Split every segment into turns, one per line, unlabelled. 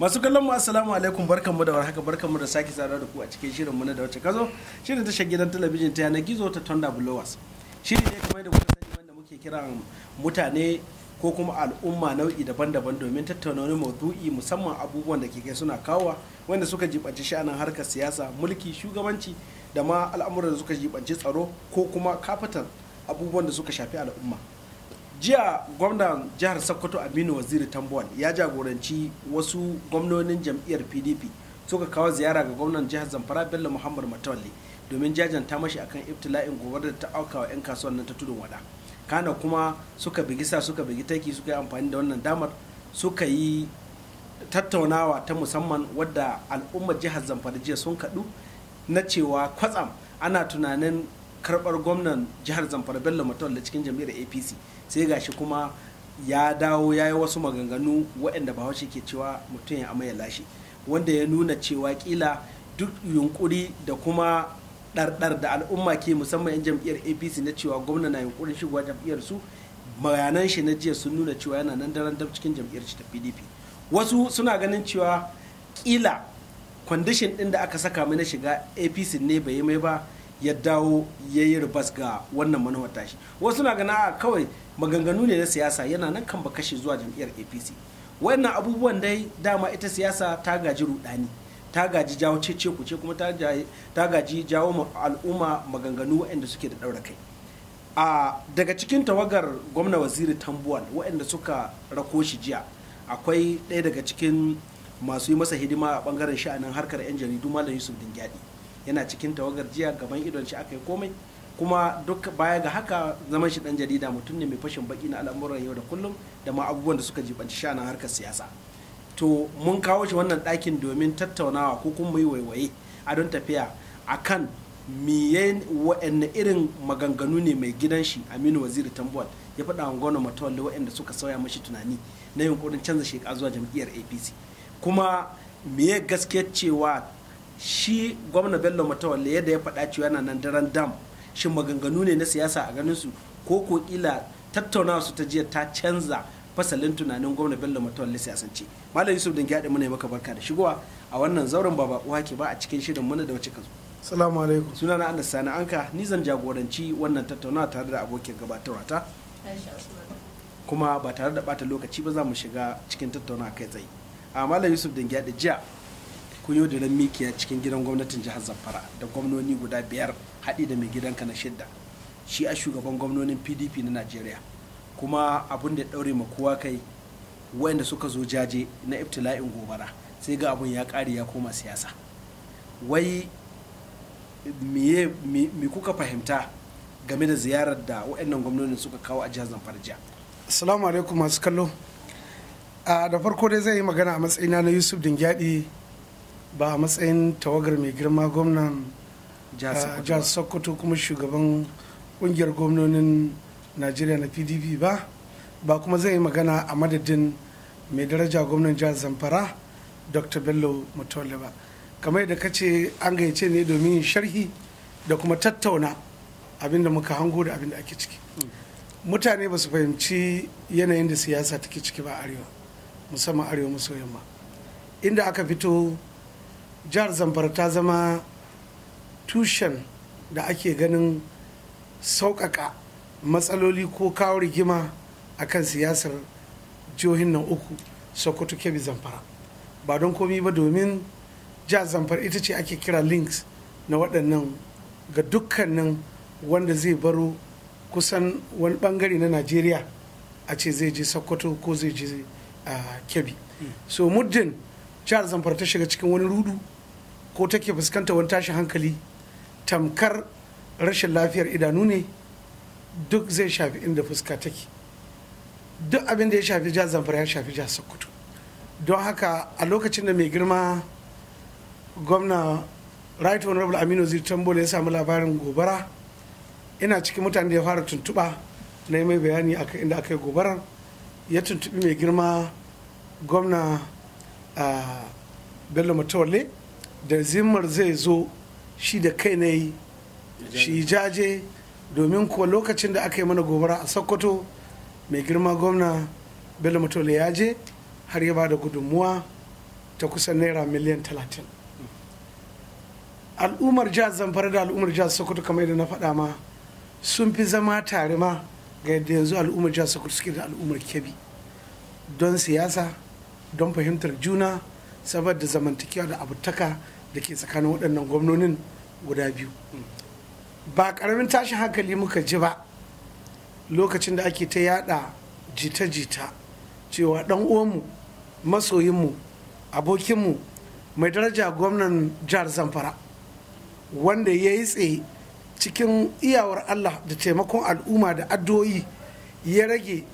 masu kallon mu assalamu alaikum barkanmu da warhaka mu da sake tsara da ku a cikin shirin mu na da wacce kazo shirin tashar gidan talabijin ta yanar gizo ta Thunder Blowers shiri ne kamar da kuka sani wanda muke kiran mutane ko kuma al'umma nau'i daban-daban domin tattauna wani maudu'i musamman abubuwan da ke kai suna kawowa wanda suka jibanci sha'anin harkar siyasa mulki shugabanci da ma al'amuran da suka jibanci tsaro ko kuma kafatar abubuwan da suka shafi al'umma jiya gwamnan jihar sokoto aminu waziri tambuwal ya jagoranci wasu gwamnonin jam'iyyar pdp suka kawo ziyara ga gwamnan jihar zamfara bello muhammad matawalli domin jajanta mashi akan ibtila'in gobar da ta auka wa 'yan kasuwan nan ta tudun wada kana kuma suka sa suka bigi taki suka yi amfani da wannan damar suka yi tattaunawa ta musamman wadda al'ummar jihar zamfara jiya sun kadu na cewa kwatsam ana tunanin karbar gwamnan jihar zamfara bello da cikin jam'iyyar apc sai gashi kuma ya dawo ya yi wasu maganganu waɗanda bahaushe ke cewa mutum ya amaya lashe wanda ya nuna cewa kila duk yunkuri da kuma ɗarɗar da al'umma ke musamman 'yan jam'iyyar apc na cewa gwamna na yunkurin shigowa jam'iyyar su bayanan shi na jiya sun nuna cewa yana nan daren dab cikin jam'iyyar ta pdp wasu suna ganin cewa kila kwandishin ɗin da aka saka mai na shiga apc ne bai yi mai ba ya dawo ya yi ribas ga wannan manufar tashi wasu na gana kawai maganganu ne na siyasa yana nan kan ba kashe zuwa jam'iyyar apc wannan abubuwan dai dama ita siyasa ta gaji rudani ta gaji jawo cece kuce kuma ta gaji jawo al'umma maganganu waɗanda suke da ɗaura kai a daga cikin tawagar gwamna waziri tambuwal waɗanda suka rako shi jiya akwai ɗaya daga cikin masu yi masa hidima a ɓangaren sha'anin harkar 'yan jaridu malam yusuf dingyadi yana cikin tawagar jiya gaban idon shi aka yi komai kuma duk baya ga haka zaman shi dan jarida mutum ne mai fashin baki na al'amuran yau da kullum da ma abubuwan da suka jibanci shanan harkar siyasa to mun kawo shi wannan ɗakin domin tattaunawa ko kuma yi waiwaye a don tafiya a kan miye wa'anne irin maganganu ne mai gidan shi aminu waziri tambuwal ya faɗa wa gwamnan matawalle wa'anda suka sauya mashi tunani na yunkurin canza sheka zuwa jam'iyyar apc kuma miye gaske cewa shi gwamna bello matawalle yadda ya faɗa cewa yana nan daren dam shi maganganu ne na siyasa a ganin su ko ko ila tattaunawa su ta jiya ta canza fasalin tunanin gwamna bello matawalle siyasance malam yusuf dan gyaɗe muna maka barka da shigowa a wannan zauren baba uwa ke ba a cikin shirin muna da wace kazo salamu alaikum suna na anas sani anka ni zan jagoranci wannan tattaunawa tare da abokin gabatarwa ta kuma ba tare da bata lokaci ba za mu shiga cikin tattaunawa kai tsaye a malam yusuf dan gyaɗe jiya Kuyo da ran mikiya cikin gidan gwamnatin jihar zamfara da gwamnoni guda biyar haɗi da mai gidan kana shidda shi a shugaban gwamnonin pdp na najeriya kuma abun da ya ɗaure ma kowa kai wanda suka zo jaje na ibtila'in gobara sai ga abin ya ƙare ya koma siyasa wai me kuka fahimta game da ziyarar da waɗannan gwamnonin suka kawo a jihar zamfara jiya assalamu
alaikum masu kallo ah, da farko dai zai yi magana a matsayina na yusuf dingyadi ba a matsayin tawagar mai girma gwamnan jihar sokoto kuma shugaban kungiyar gwamnonin najeriya na pdp ba ba kuma zai yi magana a madadin mai daraja gwamnan jihar zamfara dr bello mutole ba kamar da kace an gayyace ne domin yin sharhi da kuma tattauna abin muka hango da abin da ake ciki mutane ba su fahimci yanayin da siyasa take ciki ba arewa musamman arewa maso yamma inda aka fito jihar zamfara ta zama tushen da ake ganin sauƙaƙa matsaloli ko kawo rigima a kan siyasar jihohin nan uku sokoto kebbi zamfara ba don komi ba domin jihar zamfara ita ce ake kira links na waɗannan ga dukkanin wanda zai baro kusan wani bangare na najeriya a ce zai je sokoto ko zai je ah, kebbi hmm. so muddin jihar zamfara ta shiga cikin wani rudu ko take fuskanta wani tashin hankali tamkar rashin lafiyar idanu ne duk zai shafi inda fuska take duk abin da ya shafi jihar zamfara ya shafi jihar sokoto don haka a lokacin da mai girma gwamna right honorable aminu zai tambola ya samu labarin gobara ina cikin mutane da ya fara tuntuɓa na yi mai bayani akan inda aka yi gobarar ya tuntuɓi mai girma gwamna a bello Matole da zimmar zai zo shi da kai na yi shi jaje domin kuwa lokacin da aka yi mana gobara a sokoto mai girma gwamna bello Matole ya je har ya ba da gudunmuwa ta kusan naira miliyan talatin al'ummar jihar zamfara da al'ummar jihar sokoto kamar yadda na faɗa ma sun fi zama tare ma ga yadda yanzu al'ummar jihar sokoto suke da al'ummar kebbi don siyasa don fahimtar juna saboda zamantakewa da abutaka da ke tsakanin waɗannan gwamnonin guda biyu ba ƙaramin tashin hankali muka ji ba lokacin da ake ta yada jita-jita cewa ɗan uwanmu masoyinmu abokinmu mai daraja gwamnan jihar zamfara wanda ya yi tsaye cikin iyawar allah da taimakon al'umma da addu'o'i ya rage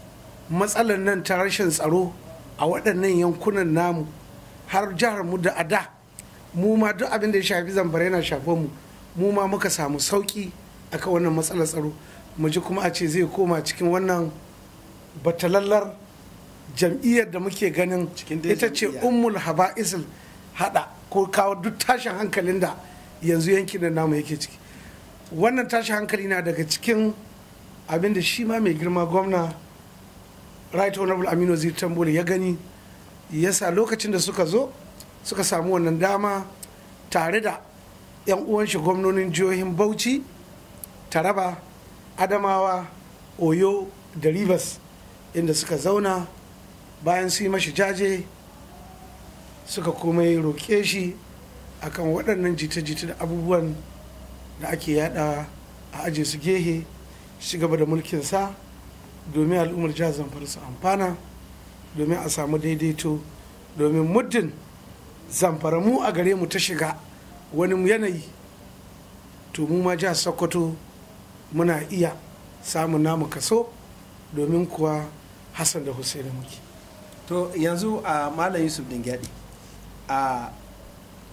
matsalar nan ta rashin tsaro a waɗannan yankunan namu har jihar mu da ada mu ma duk abin da ya shafi zambara yana shafan mu mu ma muka samu sauki akan wannan matsalar tsaro mu ji kuma a ce zai koma cikin wannan batalallar jam'iyyar da muke ganin ita ce ummul haba'isul hada ko kawo duk tashin hankalin da yanzu yankin da namu yake ciki wannan tashin hankali na daga cikin abin da shi ma mai girma gwamna right honorable aminu zir tambole ya gani ya sa lokacin da suka zo suka samu wannan dama tare da 'yan uwan shi gwamnonin jihohin bauchi taraba adamawa oyo da rivers inda suka zauna bayan su yi mashi jaje suka kuma roƙe shi akan waɗannan jita-jita da abubuwan da ake yada a aje su gehe shi gaba da mulkinsa domin al'ummar jihar zamfara su amfana domin a samu daidaito domin muddin zamfara mu a gare mu ta shiga wani yanayi to mu ma jihar sokoto muna iya samun namu kaso domin kuwa
hassan da hussein muke to yanzu a malam yusuf dingyadi a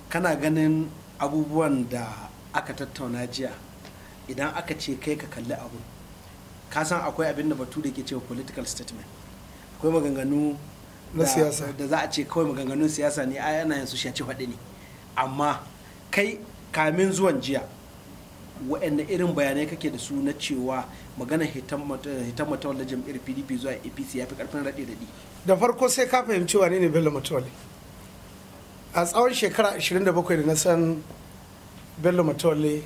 kana ganin abubuwan da aka tattauna jiya idan aka ce kai ka kalli abu ka san akwai abin da da ke cewa political statement akwai maganganu na siyasa da za a ce kawai maganganun siyasa ne yana ana yin su ce faɗi ne amma kai kamin zuwan jiya waɗanne irin bayanai kake da su na cewa magana hitan da jam'iyyar pdp zuwa apc ya fi karfin raɗe da da farko sai ka fahimci wa ne bello matawalli a tsawon
shekara 27 da na san bello matawalli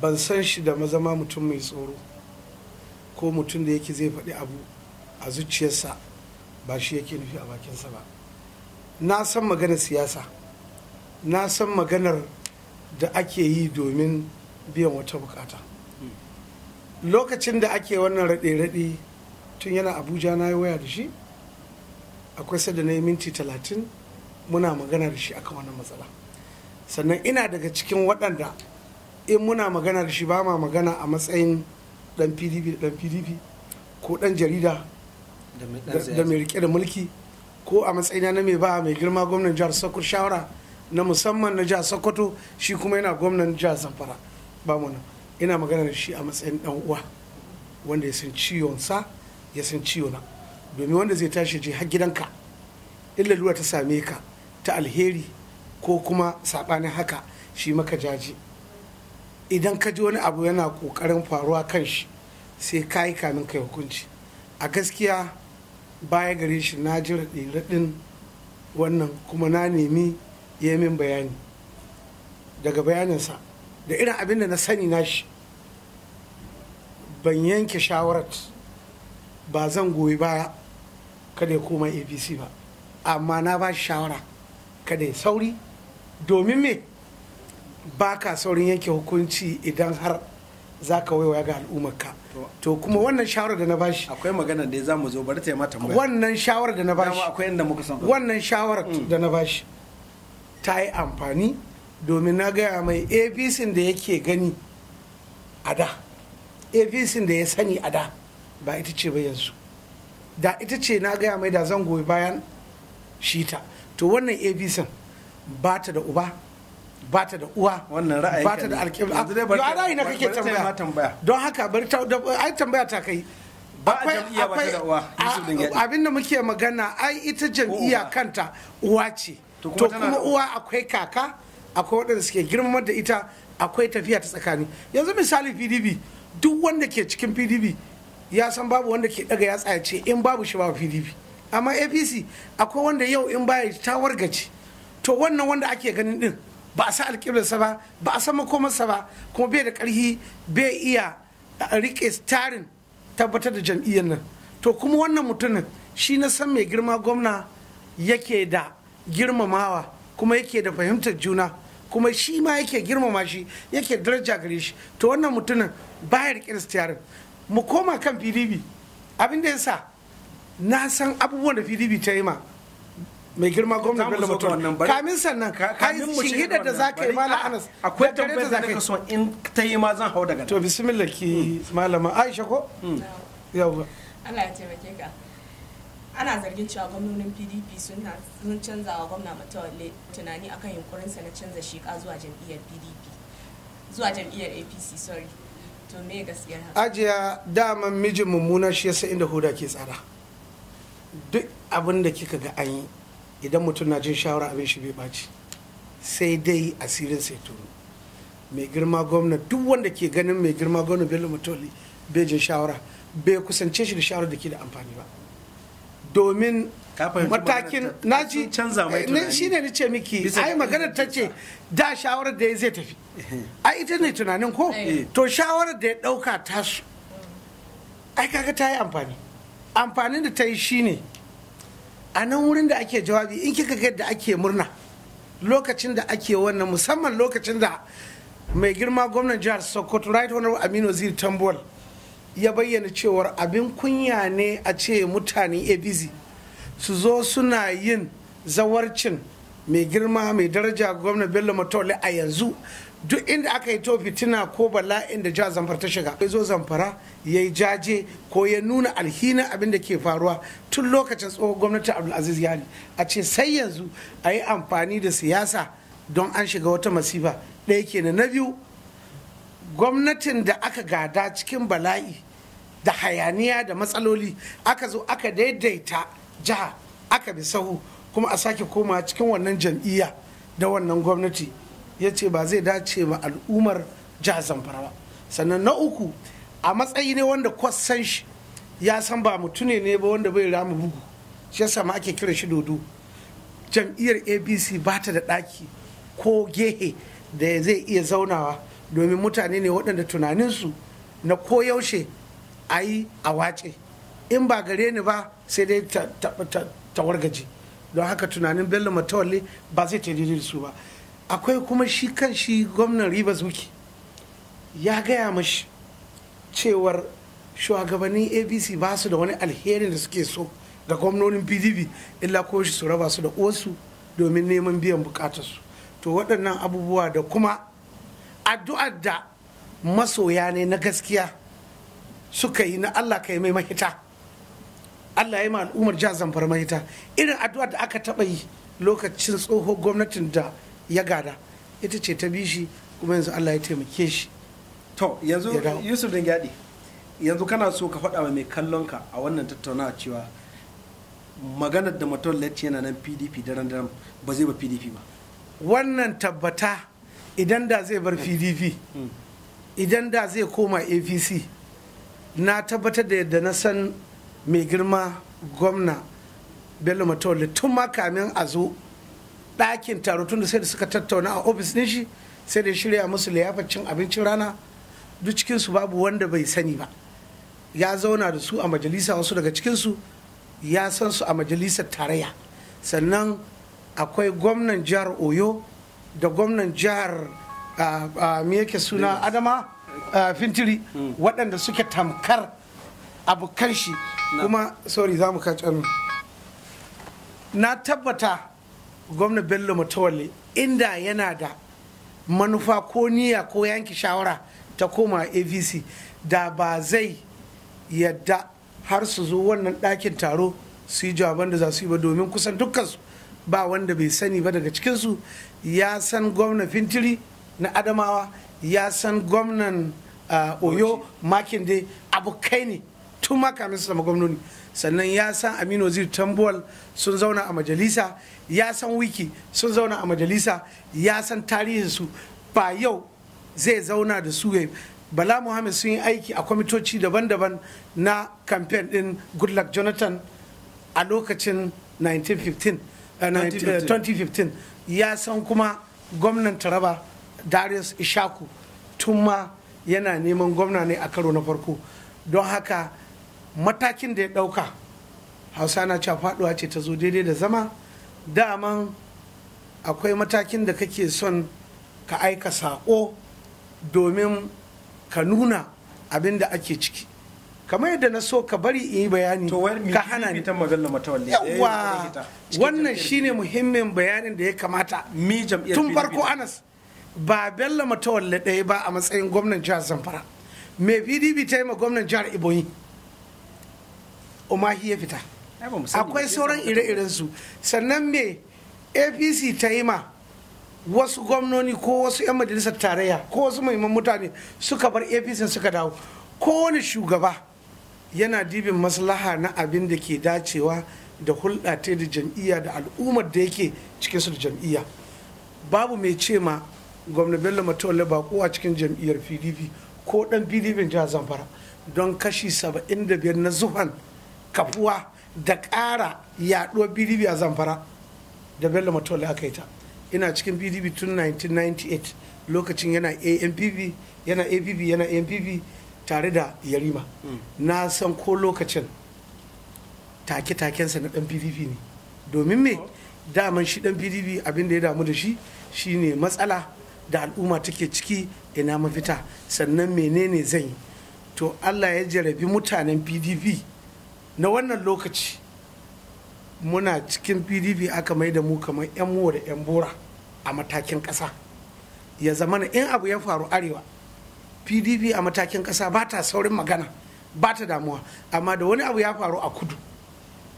ban san shi da mazama mutum mai tsoro ko mutum da yake zai faɗi abu a zuciyarsa ba shi yake nufi a bakinsa ba na san maganar siyasa na san maganar da ake yi domin biyan wata bukata lokacin da ake wannan raɗe-raɗe tun yana abuja na yi waya da shi akwai sada na yi minti talatin muna magana da shi akan wannan matsala sannan ina daga cikin waɗanda in muna magana da shi ba ma magana a matsayin dan pdp dan pdp ko dan jarida da mai rike da mulki ko a matsayina na mai ba mai girma gwamnan jihar sokoto shawara na musamman na jihar sokoto shi kuma yana gwamnan jihar zamfara ba mu ina magana da shi a matsayin dan uwa wanda ya san ciwon sa ya san ciwo na domin wanda zai tashi je har gidanka illa lura ta same ka ta alheri ko kuma sabanin haka shi maka jaji idan ka ji wani abu yana kokarin faruwa kan shi sai ka yi kamin kai hukunci a gaskiya baya gare shi na ji raɗin wannan kuma na nemi ya min bayani daga bayaninsa da irin abin da na sani na shi ban yanke shawarar ba zan goyi baya kada ya koma apc ba amma na ba shawara kada ya sauri domin me ba ka saurin yanke hukunci idan har za ka waiwaya ga al'ummarka to kuma wannan shawarar da na bashi akwai magana da za mu zo bari ta mata wannan shawarar da na bashi akwai inda muka san wannan shawarar mm. da na bashi ta yi amfani domin na gaya mai apc da yake gani a da apc da ya sani a da ba ita ce ba yanzu da ita ce na gaya mai da zan goyi bayan shita to wannan apc ba ta da uba ba ta da uwa wannan ra'ayi ba ta da alƙibla yo ta na kake tambaya don haka bari ta ai tambaya ta kai ba jam'iyya ba ta da uwa abinda muke magana ai ita jam'iyya kanta uwa ce to kuma uwa akwai kaka akwai waɗanda suke girma da ita akwai tafiya ta tsakani yanzu misali pdp duk wanda ke cikin pdp ya san babu wanda ke daga ya tsaya ce in babu shi babu pdp amma apc akwai wanda yau in baya ta wargace to wannan wanda ake ganin din ba a sa alƙiblarsa ba ba a san makomarsa ba kuma bai da ƙarfi bai iya rike tarin tabbatar da jam'iyyar nan to kuma wannan mutumin shi na san mai girma gwamna yake da girmamawa kuma yake da fahimtar juna kuma shi ma yake girmama shi yake daraja gare shi to wannan mutumin baya rike tarin mu koma kan pdp abin da ya sa na san abubuwan da pdp ta yi ma mai girma gwamnan bello mutum kamin sannan Ka mu shi da za ka yi mala anas akwai tambayar da ka so in ta yi ma zan hau daga to bismillah ki hmm. malama aisha ko ba
hmm. Allah ya taimake ka ana zargin cewa gwamnonin pdp sun canza wa gwamna matawalle tunani akan yunkurinsa na canza shiƙa zuwa jam'iyyar pdp zuwa jam'iyyar apc sorry to me gaskiyar haka
ajiya daman mijin mummuna shi yasa inda huda ke tsara duk abin da kika ga an yi idan mutum na jin shawara abin shi bai ɓaci sai dai asirin sai turu mai girma gwamna duk wanda ke ganin mai girma gwamna bello mutoli bai jin shawara bai kusance shi da shawara da ke da amfani ba domin matakin naji canza mai eh, tunani shine ni ce miki ai magana ta ce da shawarar da ya zai tafi ai ita ne tunanin ko eh. to shawarar da ya dauka tasu ai kaga ta yi amfani amfanin da ta yi shi ne. a nan wurin da ake jawabi in kika ga da ake murna lokacin da ake wannan musamman lokacin da mai girma gwamnan jihar sokoto right honorable aminu zir tambol ya bayyana cewar abin kunya ne a ce mutane abz su zo suna yin zawarcin mai girma mai daraja gwamnan bello matole a yanzu duk inda aka yi to fitina ko bala'in da ja zamfara ta shiga ya zo zamfara ya yi jaje ko ya nuna alhinin abin da ke faruwa tun lokacin tsohon gwamnati abdulaziz yali a ce sai yanzu a yi amfani da siyasa don an shiga wata masifa ɗaya kenan na biyu gwamnatin da aka gada cikin bala'i da hayaniya da matsaloli aka zo aka daidaita jiha aka bi sahu kuma a sake koma cikin wannan jam'iyya da wannan gwamnati ya ce ba zai dace ba al'ummar jihar zamfara ba sannan na uku a matsayi ne wanda kwasan shi ya san ba mutune ne ba wanda bai rama bugu shi yasa ma ake kiran shi dodo jam'iyyar A.B.C. ba ta da ɗaki ko gehe da zai iya zaunawa domin mutane ne waɗanda tunaninsu na koyaushe a yi a wace in ba gare ni ba sai dai wargaji. don haka tunanin bello matawalle ba zai ta da su ba akwai kuma shi kan shi gwamnan riba zuki ya gaya mashi cewar shugabannin abc ba su da wani alherin da suke so ga gwamnonin pdp illa ko shi su raba su da uwarsu domin neman biyan bukatarsu to waɗannan abubuwa da kuma addu'ar da masoya ne na gaskiya suka yi na allah yi mai mahita allah ya yi ma al'ummar jihar zamfara mahita irin addu'ar da aka taɓa yi lokacin tsohon gwamnatin da
ya gada ita ce ta bishi kuma yanzu Allah ya taimake shi to yanzu Yusuf din gyaɗi yanzu kana so ka faɗa mai kallon ka a wannan tattaunawa cewa maganar da mutum lati yana nan PDP daren daren ba zai ba PDP ba wannan tabbata idan da zai bar PDP hmm. idan da zai
koma APC na tabbatar da yadda na san mai girma gwamna Bello Matole tun ma kamin a zo ɗakin taro tun da sai da suka tattauna a ofis ɗin shi sai da shirya musu liyafar cin abincin rana duk cikinsu babu wanda bai sani ba ya zauna da su a majalisa wasu daga cikinsu ya san su a majalisar tarayya sannan akwai gwamnan jihar oyo da gwamnan jihar me yake suna adama fintiri hmm. waɗanda suke tamkar abokan shi kuma sorry za mu na tabbata gwamna bello mutawalli inda yana da manufa ko niyya ko yanki shawara ta koma avc da ba zai yadda har su zo wannan ɗakin taro su yi jawaban da za su yi ba domin kusan dukkansu ba wanda bai sani ba daga cikinsu ya san gwamna fintiri na adamawa ya san gwamnan ah, oyo makinde abokai ne tun makamin su gwamnoni sannan ya san aminu zir tambuwal sun zauna a majalisa ya san wiki sun zauna a majalisa ya san tarihinsu ba yau zai zauna da su bala muhammad sun yi aiki a kwamitoci daban-daban na kamfen din goodluck jonathan a lokacin 2015 eh, eh, ya san kuma gwamnan taraba darius ishaku tun ma yana neman gwamna ne a karo na farko don haka matakin da ya ɗauka hausa na cewa faɗuwa ce ta zo daidai da zama daman akwai matakin da kake son ka aika saƙo domin ka nuna abin da ake ciki kamar yadda na so ka bari in yi bayani ka hana ni eh, yawa wannan shine muhimmin bayanin da ya kamata tun farko anas ba bello matawalle ɗaya ba a matsayin gwamnan jihar zamfara mai pdp ta yi ma gwamnan jihar ibonyi umahi ya fita
akwai sauran
ire-iren su sannan me apc ta yi ma wasu gwamnoni ko wasu 'yan majalisar tarayya ko wasu mahimman mutane suka bar apc suka dawo kowane shugaba yana dibin maslaha na abin da ke dacewa da hulɗa ta da jam'iyya da al'ummar da yake su da jam'iyya babu mai ce ma gwamna bello matole ba kowa cikin jam'iyyar pdp ko dan pdp jihar zamfara don kashi 75 na zuhan kafuwa da ƙara yaɗuwar bdb a zamfara da bello matola aka yi ta ina cikin bdb tun 1998 lokacin yana ampv yana app yana ampv tare da yarima hmm. na san ko lokacin take-takensa na dan pdp ne domin me oh. daman shi dan pdp abin da ya damu da shi shine matsala da al'umma take ciki ina mafita sannan menene zan yi to allah ya jarabi mutanen pdp na wannan lokaci muna cikin pdp aka mai da mu kamar 'yan mowa da 'yan bora a matakin ƙasa ya zama na in abu ya faru arewa pdp a matakin ƙasa ba ta saurin magana ba ta damuwa amma da wani abu ya faru a kudu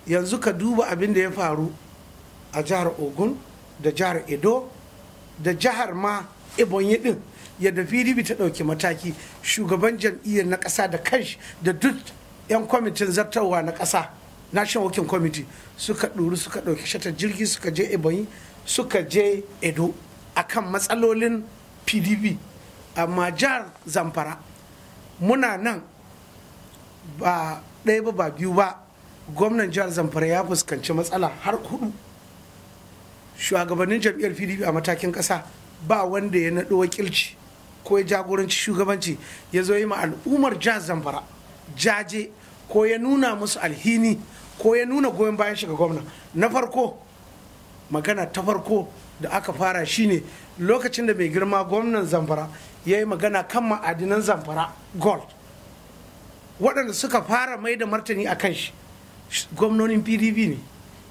yanzu ka duba abin da ya faru a jihar ogun da jihar edo da jihar ma ibonyi din yadda pdp ta ɗauki mataki shugaban jam'iyyar na ƙasa da kanshi da duk 'yan kwamitin zartarwa na ƙasa national working committee suka ɗuri suka ɗauki shatar jirgi suka je ebonyi suka je edo kan matsalolin pdp amma jihar zamfara muna nan ba ɗaya ba ba biyu ba gwamnan jihar zamfara ya fuskanci matsala har hudu shugabannin jam'iyyar pdp a matakin ƙasa ba wanda ya naɗo wakilci ko ya jagoranci shugabanci ya zo yi ma al'ummar jihar zamfara jaje ko ya nuna musu alhini ko ya nuna goyon bayan shiga gwamna na farko magana ta farko da aka fara shine lokacin da mai girma gwamnan zamfara ya yi magana kan ma'adinan zamfara gold waɗanda suka fara mai da martani a kan shi gwamnonin pdp ne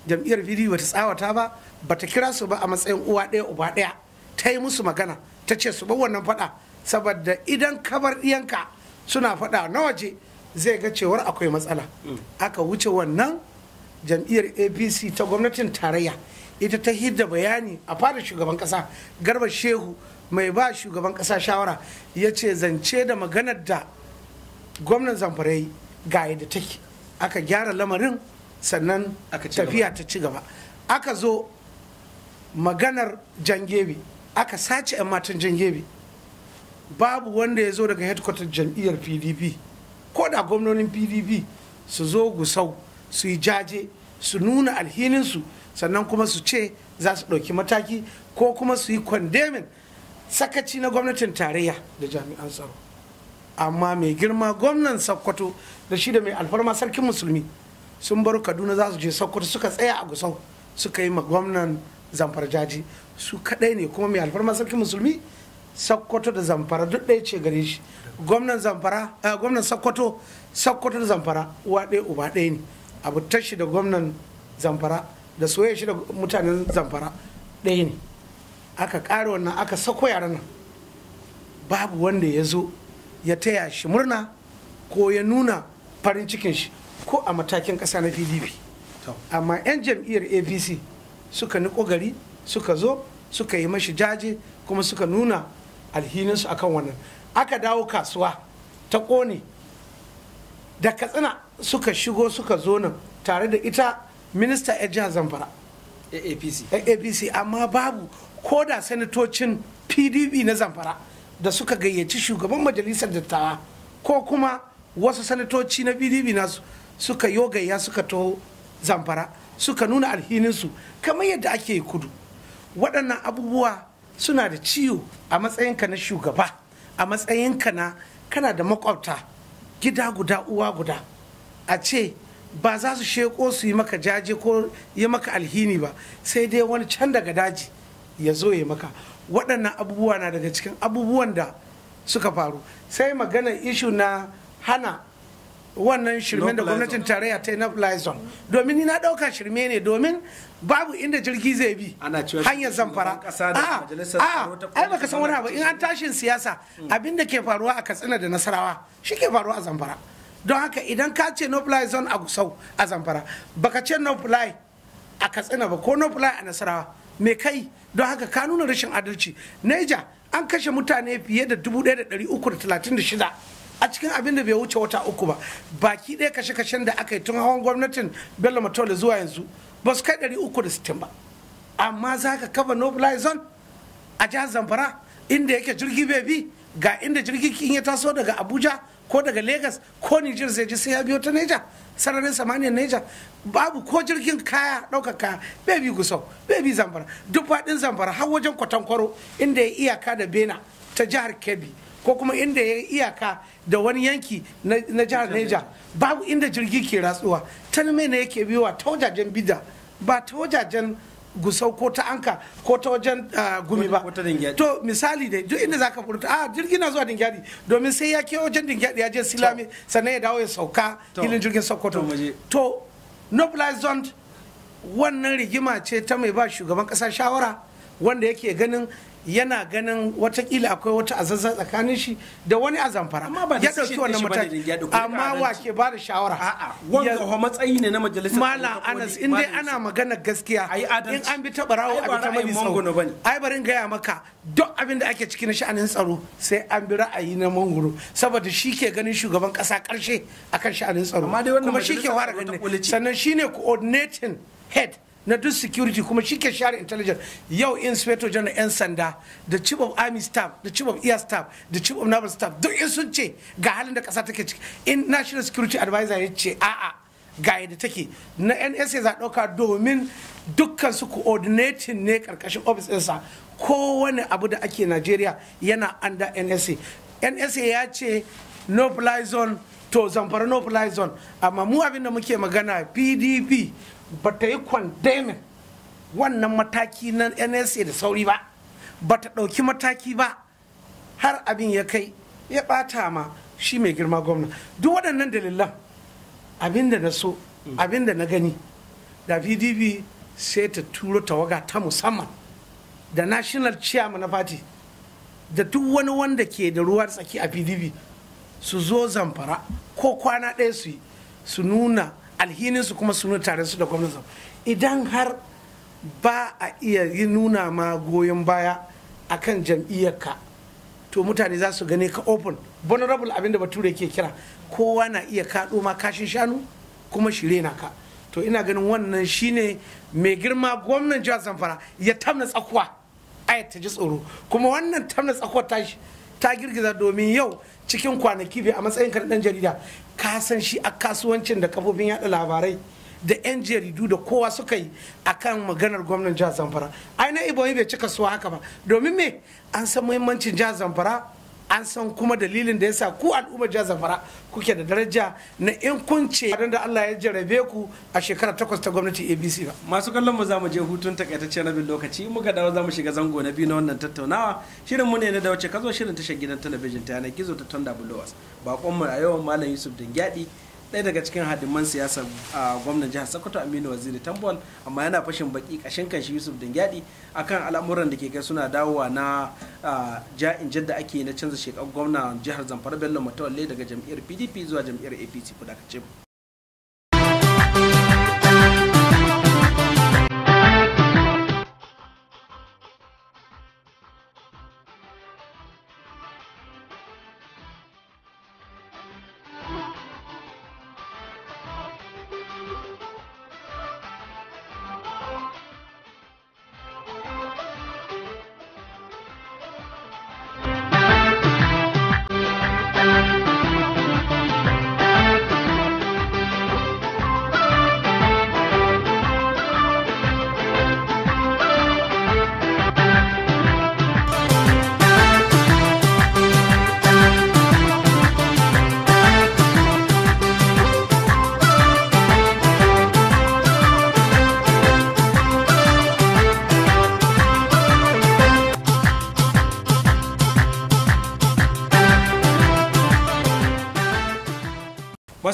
jam'iyyar pdp bata tsawata ba bata kira su ba a matsayin uwa ɗaya uba ɗaya ta yi musu magana ta ce su ba wannan faɗa saboda idan kabar ɗiyanka suna faɗa na waje zai ga cewar akwai matsala aka wuce wannan jam'iyyar apc ta gwamnatin tarayya ita ta hidda bayani a fara shugaban kasa garba shehu mai ba shugaban kasa shawara ya ce zance da maganar da gwamnan zamfara yi ga yadda take aka gyara lamarin sannan tafiya ta ci gaba aka zo maganar jangebe aka sace 'yan matan jangebe babu wanda ya zo daga headquarter jam'iyyar pdp ko da gwamnonin pdp su zo gusau su yi jaje su nuna alhininsu sannan kuma su ce za su ɗauki mataki ko kuma su yi kwandemin sakaci na gwamnatin tarayya da jami'an tsaro amma mai girma gwamnan sokoto da shi da mai alfarma sarkin musulmi sun bar kaduna za su je sokoto suka tsaya a gusau suka yi ma gwamnan zamfara jaji su kadai ne kuma mai alfarma sarkin musulmi sokoto da zamfara duk ɗaya ce gare shi gwamnan zamfara eh, gwamnan sokoto zamfara uwa ɗaya uba ɗaya ne abu tashi da gwamnan zamfara da soyayya shi da mutanen zamfara ɗaya ne aka ƙara wannan aka sako yaran nan babu wanda ya zo ya taya shi murna ko ya nuna farin cikin shi ko a matakin ƙasa na pdp amma 'yan jam'iyyar apc suka niko gari suka zo suka yi mashi jaje kuma suka nuna su akan wannan aka dawo kasuwa ta ƙone da katsina suka shigo suka zo nan tare da ita minista ya jihar zamfara AAPC, amma babu ko da sanatocin pdp na zamfara da suka gayyaci shugaban majalisar dattawa ko kuma wasu sanatoci na pdp nasu suka yo gayya suka taho zamfara suka nuna alhininsu kamar yadda ake kudu waɗannan abubuwa suna da ciwo a matsayinka na shugaba a matsayinka na kana da makwabta gida guda uwa guda a ce ba za su sheko su yi maka jaje ko yi maka alhini ba sai dai wani can daga daji ya zo ya maka waɗannan abubuwa na daga cikin abubuwan da suka faru sai magana ishu na hana wannan shirmen da gwamnatin tarayya ta yi na lizon domin ni na ɗauka shirme ne domin babu inda jirgi zai bi hanyar zamfara ai baka san wani abu in an tashin siyasa mm. abin da ke faruwa a katsina da nasarawa shi ke faruwa a zamfara don haka idan ka ce no fly zone a gusau a zamfara baka ce no fly a katsina ba ko no fly a nasarawa me kai don haka ka nuna rashin adalci neja an kashe mutane fiye da 1336 a cikin abin da bai wuce wata uku ba baki ɗaya kashe-kashen da aka yi tun hawan gwamnatin bello matola zuwa yanzu ba su kai ɗari uku da sittin ba amma za ka kafa no a jihar zamfara inda yake jirgi bai bi ga inda jirgi kin ya taso daga abuja ko daga Legas ko niger zai ji sai ya biyo ta neja sararin samaniyar neja babu ko jirgin kaya ɗaukar kaya bai bi gusau bai bi zamfara duk faɗin zamfara har wajen kwatankwaro inda ya iyaka da bena ta jihar kebbi ko kuma inda ya iyaka da wani yanki na jihar Neja babu inda jirgi ke ratsuwa ta ne yake biyowa ta wajajen bida ba ta wajajen gusau ko ta anka ko ta wajen ah, gumi ba to misali dai duk inda zaka furta a ah, jirgi na zuwa dingyadi domin sai ya ke wajen dingyadi ya je silame sannan ya dawo ya sauka ilin jirgin sokoto to no zone wannan rigima ce ta mai ba shugaban kasa shawara wanda yake ganin yana ganin watakila akwai wata azaza tsakanin shi da wani amma ba da dauki wannan mutane amma wa ke ba da shawara a'a
wanda matsayi ne na majalisar malam anas in dai ana magana gaskiya in an bi ta barawo a ta mabi tsaro ai barin
gaya maka duk abin da ake ciki na sha'anin tsaro sai an bi ra'ayi na mangoro saboda shi ke ganin shugaban kasa karshe akan sha'anin tsaro kuma shi ke ware ganin sannan shine coordinating head na duk security kuma shi ke share intelligence yau inspector general 'yan sanda da chief of army staff da chief of air staff da chief of naval staff duk in sun ce ga halin da kasa take ciki in national security advisor ya ce a'a ga yadda take na nsa za ɗauka domin dukkan su coordinating ne karkashin office ɗinsa kowane abu da ake najeriya yana under nsa nsa ya ce no fly zone to zamfara no fly zone amma mu abin da muke magana pdp ba ta yi kwandemin wannan mataki na nsa da sauri ba ba ta ɗauki mataki ba har abin ya kai ya ɓata ma shi mai girma gwamna duk waɗannan dalilan abin da na so mm. abin da na gani da pdp sai ta turo tawaga ta musamman da national chairman na party da duk wani wanda ke da ruwan tsaki a pdp su zo zamfara ko kwana ɗaya su yi su nuna alhininsu kuma su tare su da gwamnati idan har ba a iya yi nuna ma goyon baya a kan jam'iyyarka to mutane za su gane ka open vulnerable abinda bature ke kira kowa na iya kaɗo ma kashin shanu kuma shirye na ka to ina ganin wannan shine mai girma gwamnan jihar zamfara ya tamna tsakuwa ayat ta ji tsoro kuma wannan tamna tsakuwa ta girgiza domin yau cikin kwanaki bai a matsayin ka jarida ka san shi a kasuwancin da kafofin yada labarai da 'yan jaridu da kowa suka yi a kan maganar gwamnan jihar zamfara ai na ibo bai cika suwa haka ba domin me an san muhimmancin jihar zamfara an san kuma dalilin da ya sa ku al'ummar jihar zamfara kuke da daraja na in kun ce da Allah ya jarabe ku a shekara takwas ta gwamnati ABC ba.
Masu kallon mu za mu je hutun na rabin lokaci muka dawo za mu shiga zango na biyu na wannan tattaunawa shirin mu ne na da wace kazo shirin tashar gidan talabijin ta yanar gizo ta Tonda Bulowas. Bakon mu a yawan Malam Yusuf Dingyadi ɗaya daga cikin hadiman a gwamnan jihar sokoto aminu waziri tambol amma yana fashin baki kashin kanshi yusuf dingyadi akan al'amuran da ke kai suna dawowa na ja'in jadda ake na canza shekar gwamnan jihar zamfara bello matawalle daga jam'iyyar pdp zuwa jam'iyyar apc kuda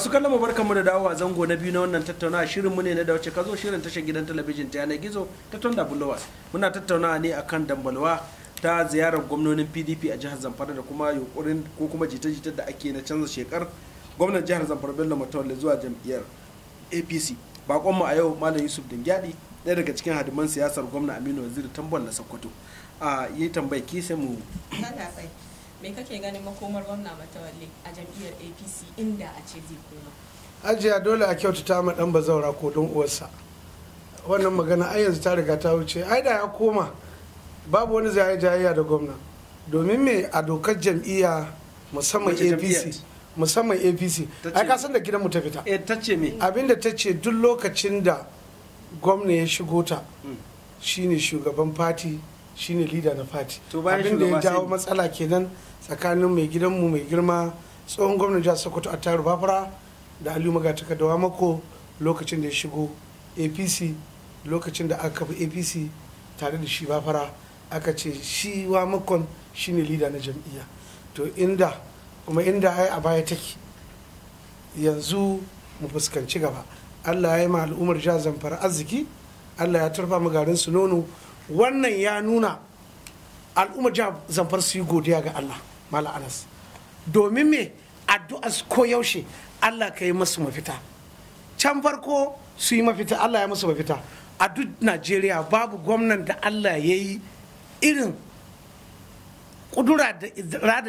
masu kallon mu barkan mu da dawowa zango na biyu na wannan tattaunawa shirin mu ne na ka zo shirin tashar gidan talabijin ta yanar gizo ta tonda bulowas muna tattaunawa ne a kan dambalwa ta ziyarar gwamnonin pdp a jihar zamfara da kuma yunkurin ko kuma jita-jitar da ake na canza shekar gwamnan jihar zamfara bello matawalle zuwa jam'iyyar apc bakon mu a yau malam yusuf dingyadi ɗaya daga cikin hadiman siyasar gwamna aminu waziri tambon na sokoto a ah, yi tambayki sai mu me kake ganin makomar gwamna matawalle a jam'iyyar apc inda a ce zai koma
ajiya dole a kyautata ma dan bazaura ko don uwarsa wannan magana ai yanzu ta riga ta wuce ai da ya koma babu wani zai jayayya da gwamna domin me a dokar jam'iyya musamman apc musamman apc ai ka san da gidan mu ta fita eh ta ce me abinda ta ce duk lokacin da gwamna ya shigo ta hmm. shine shugaban party shine leader na party
abin da ya jawo
matsala kenan tsakanin mai gidanmu mai girma tsohon gwamnan jihar sokoto a taru bafara da aliyu magataka da mako lokacin da ya shigo apc lokacin da aka kafa apc tare da shi bafara aka ce shi wamakon shine leader na jam'iyya to inda kuma inda ai a baya take yanzu mu fuskanci gaba allah ya yi ma al'ummar jihar zamfara arziki allah ya turfa mu garin su nono wannan ya nuna al'ummar jihar zamfar su yi godiya ga allah mala anas domin me addu'a ko yaushe allah ka yi masu mafita can farko su yi mafita allah ya masu mafita a duk najeriya babu gwamnan da allah ya yi irin kudura da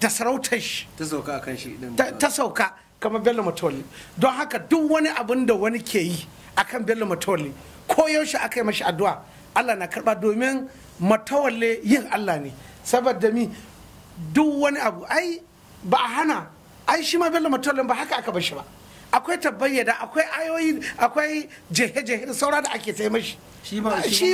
ta sarautar shi ta sauka a kan shi ta sauka kamar bello matoli don haka duk wani abin da wani ke yi akan bello matoli ko yaushe aka yi mashi addu'a Allah na karba domin matawalle yin Allah ne saboda mi duk wani abu ai ba a hana ai shi ma bello matawalle ba haka aka bashi shi ba akwai tabbayyada akwai ayoyi akwai jehe-jehe da saura da ake sai mashi shi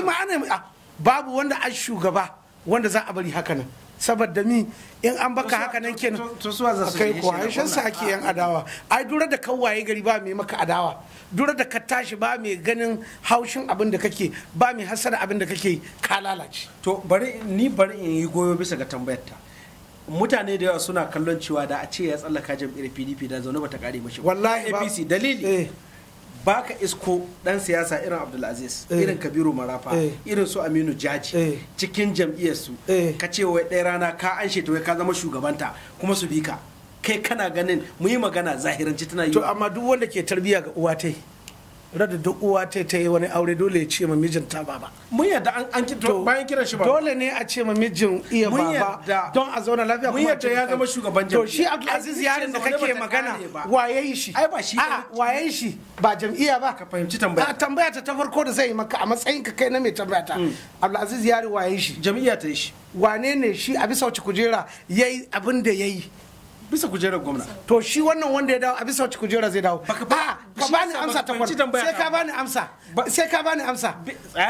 ma ana ah, babu wanda a shugaba wanda za a bari haka nan saboda mi in an baka haka nan kenan kai kuwa haishan sa ake yan adawa ai dura da kawaye gari ba mai maka adawa dura da ka tashi
ba mai ganin haushin abin da kake ba mai hasara abin da kake ka lalace to bari ni bari in yi goyo bisa ga tambayar ta mutane da yawa suna kallon cewa da a ce ya tsallaka jam'iyyar PDP da zaune bata kare mashi wallahi apc dalili eh. baka isko dan siyasa irin abdulaziz eh. irin kabiru marafa eh. irin su aminu jaji eh. cikin jam'iyyarsu ka ce wai ɗaya rana ka an ta wai ka zama shugabanta kuma su bi ka kai kana ganin mu yi magana zahiranci tana yi to amma duk wanda ke tarbiya ga uwa tai rada
duk uwa ta ta yi wani aure dole ya ce ma mijin ta baba mun yadda an an kito bayan kiran shi ba dole ne a ce ma mijin iya baba don a zauna lafiya kuma mun yadda ya zama shugaban jami'a to shi Abdulaziz yarin da kake magana waye shi ai ba shi waye shi ba jam'iyya ba ka fahimci tambaya a tambaya ta ta farko da zai yi maka a matsayin ka kai na mai tambaya ta hmm. Abdulaziz yari waye shi jam'iyya ta shi wane ne shi a bisa wace kujera yayi abin da yayi bisa kujerar gwamna to shi wannan wanda ya dawo a bisa wace kujera zai dawo ba ka bani amsa ta sai ka bani amsa sai ka bani amsa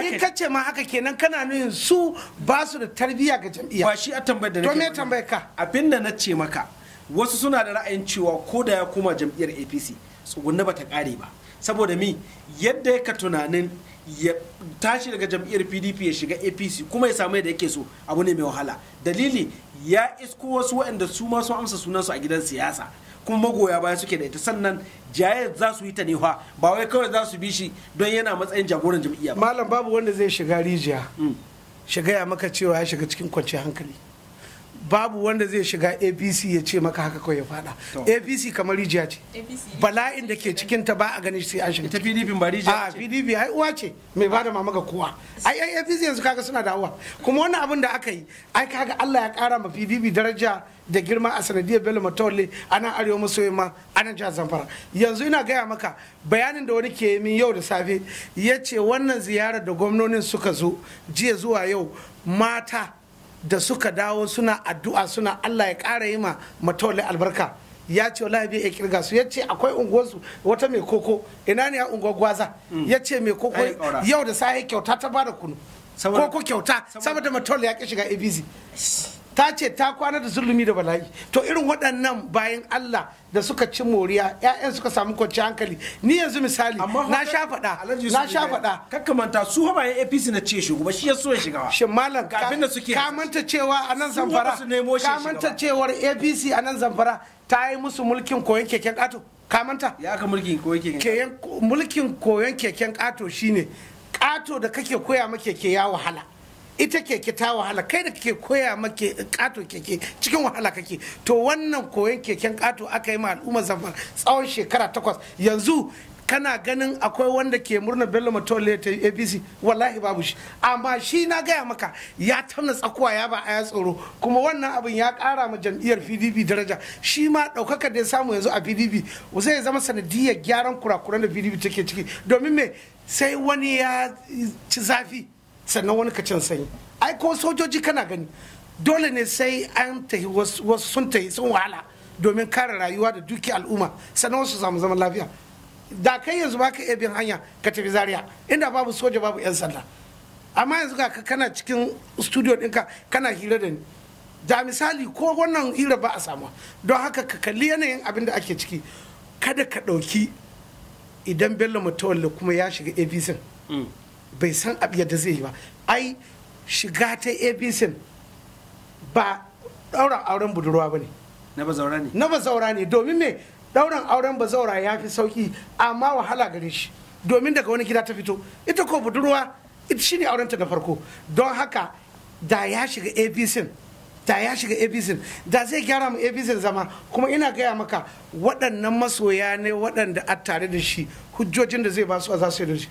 in ka ce ma haka kenan kana nuhin su ba su
da tarbiyya ga jam'iyya ba shi a tambayar da nake to me tambayar ka abinda na ce maka wasu suna da ra'ayin cewa ko da ya koma jam'iyyar APC tsugunna ba ta kare ba saboda mi yadda ya ka tunanin ya tashi daga jam'iyyar pdp ya shiga apc kuma ya samu yadda yake so abu ne mai wahala dalili ya isko wasu waɗanda su ma sun amsa sunansu a gidan siyasa kuma magoya baya suke da ita sannan jayayyar za su yi ta ne ba wai kawai za su bi shi don yana matsayin jagoran jam'iyya ba malam babu wanda zai shiga rijiya mm. shiga ya maka cewa
ya shiga cikin kwanciyar hankali babu wanda zai shiga apc ya ce maka haka kawai ya fada apc kamar rijiya ce bala'in da ke cikin ba a gani sai an shiga ta pdp ba rijiya ah, ce A pdp ai uwa ce mai bada mama ga kowa ai ai apc yanzu kaga suna dawowa kuma wannan abin da aka yi ai kaga Allah ya kara ma pdp daraja da girma a sanadiyar bello matawalle ana arewa maso yamma nan jihar zamfara yanzu ina gaya maka bayanin da wani ke yi min yau da safe ya ce wannan ziyarar da gwamnonin suka zo jiya zuwa yau mata da suka dawo suna addu'a suna Allah ya ƙara yi ma matole albarka ya ce wala bai kirga su ya ce akwai unguwarsu wata mai koko ina ne ya unguwar gwaza mm. ya ce mai koko yau da sahi kyauta ta bada kunu koko kyauta saboda matole ya ki shiga abc ta ce ta kwana da zulumi da bala'i to irin waɗannan bayan Allah da suka ci moriya 'ya'yan suka samu kwanci hankali ni yanzu misali na sha faɗa
na sha faɗa kakkamanta su habayen APC na ce shugaba shi ya so ya shiga shin malam kafin da
suke ka manta cewa a nan zamfara Su ka manta cewar APC a nan zamfara ta yi musu mulkin koyon keken ƙato ka manta ya ka mulkin koyon keken mulkin koyon keken ƙato shine ƙato da kake koya ma keke ya wahala ita keke ta wahala kai da kake koya make kato keke cikin wahala kake to wannan koyon keken kato aka yi ma al'ummar zamfara tsawon shekara takwas yanzu kana ganin akwai wanda ke murna bello matole ta apc wallahi babu shi amma shi na gaya maka ya tamna tsakuwa ya ba a ya tsoro kuma wannan abin ya kara ma jam'iyyar pdp daraja shi ma daukaka da ya samu yanzu a pdp zai zama sanadiyar gyaran kurakuran da pdp take ciki domin me sai wani ya ci zafi sannan wani kacin sanyi ai ko sojoji kana gani dole ne sai an tahi wasu sun tahi sun wahala domin kare rayuwa da duki al'umma sannan wasu samu zaman lafiya da kai yanzu ba ka iya bin hanya ka tafi zaria inda babu soja babu 'yan sanda amma yanzu ga kana cikin studio ɗinka kana hira da ni da misali ko wannan hira ba a samu don haka ka kalli yanayin abin da ake ciki kada ka ɗauki idan bello mutawalle kuma ya shiga apc mm. bai san abu yadda zai yi ba ai shiga ta abc ba ɗauran auren budurwa ba ne na bazaura ne na bazaura ne domin me ɗauran auren bazaura ya fi sauki amma wahala gare shi domin daga wani gida ta fito ita ko budurwa ita shi shine aurenta da farko don haka da ya shiga abc da ya shiga abc da zai gyara mu abc zama kuma ina gaya maka waɗannan masoya ne waɗanda a tare da shi hujjojin da zai ba su a za su yi da shi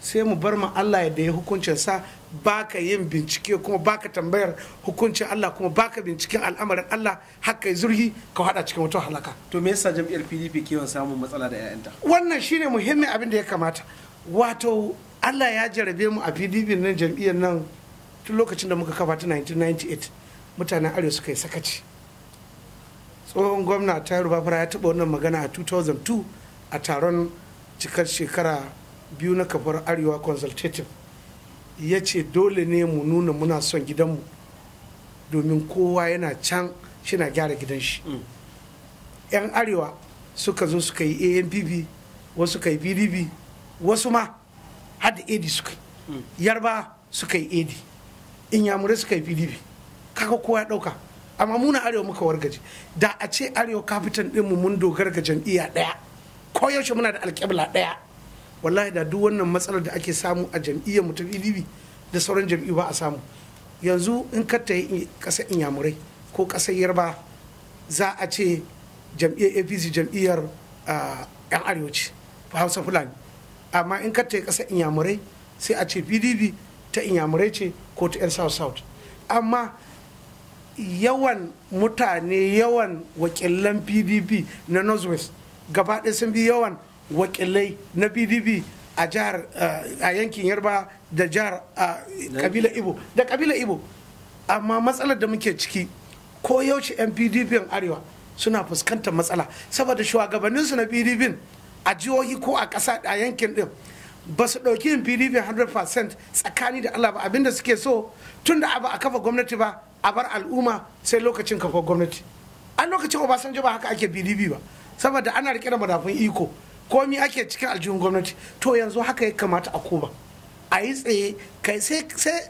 sai mu bar ma Allah da ya hukuncin sa baka yin bincike kuma baka tambayar hukuncin Allah kuma baka binciken al'amarin Allah haka zurgi ka hada cikin wata halaka
to me yasa jam'iyyar PDP ke yawan samun matsala da 'ya'yanta
wannan shine muhimmin abin da ya kamata wato Allah ya jarabe mu a PDP nan jam'iyyar nan tun lokacin da muka kafa ta 1998 mutanen arewa suka yi sakaci tsohon gwamna tayaru babura ya taba wannan magana a 2002 a taron cikar shekara biyu na kafar arewa consultative ya ce dole ne mu nuna muna son gidanmu domin kowa yana can shi na gyara gidan shi mm. yan arewa suka zo suka yi ampb wasu suka yi bdb wasu ma hada ad suka yi mm. yarba suka yi ad inyamurai suka yi pdp kaka kowa ya dauka amma muna arewa muka wargaje da a ce arewa kafitan ɗinmu mun dogara ga jam'iyya ɗaya koyaushe muna da alƙibla ɗaya wallahi da duk wannan matsalar da ake samu a jam'iyyar mu ta pdp da sauran jam'iyyu ba a samu yanzu in ka ta yi inyamurai ko ƙasar yarba za a ce jam'iyyar apc jam'iyyar yan arewaci hausa fulani amma in ka ta yi inyamurai sai a ce pdp ta inyamurai ce ko ta yan south south amma yawan mutane yawan wakilan pdp na northwest gaba ɗaya sun bi yawan wakilai na pdp a jihar eh, a yankin yarba da jihar eh, kabila ibo da kabila ibo amma matsalar da muke ciki ko yaushe yan pdp arewa suna fuskantar matsala saboda shugabanninsu na pdp a jihohi ko a ƙasa a yankin din ba su ɗauki yin pdp 100% tsakani da allah ba abinda suke so tun da ba a kafa gwamnati ba a bar al'umma sai lokacin kafa gwamnati a lokacin obasanjo ba haka ake pdp ba saboda ana rike da madafun iko komi ake cikin aljihun gwamnati to yanzu haka ya kamata a koma a yi tsaye kai sai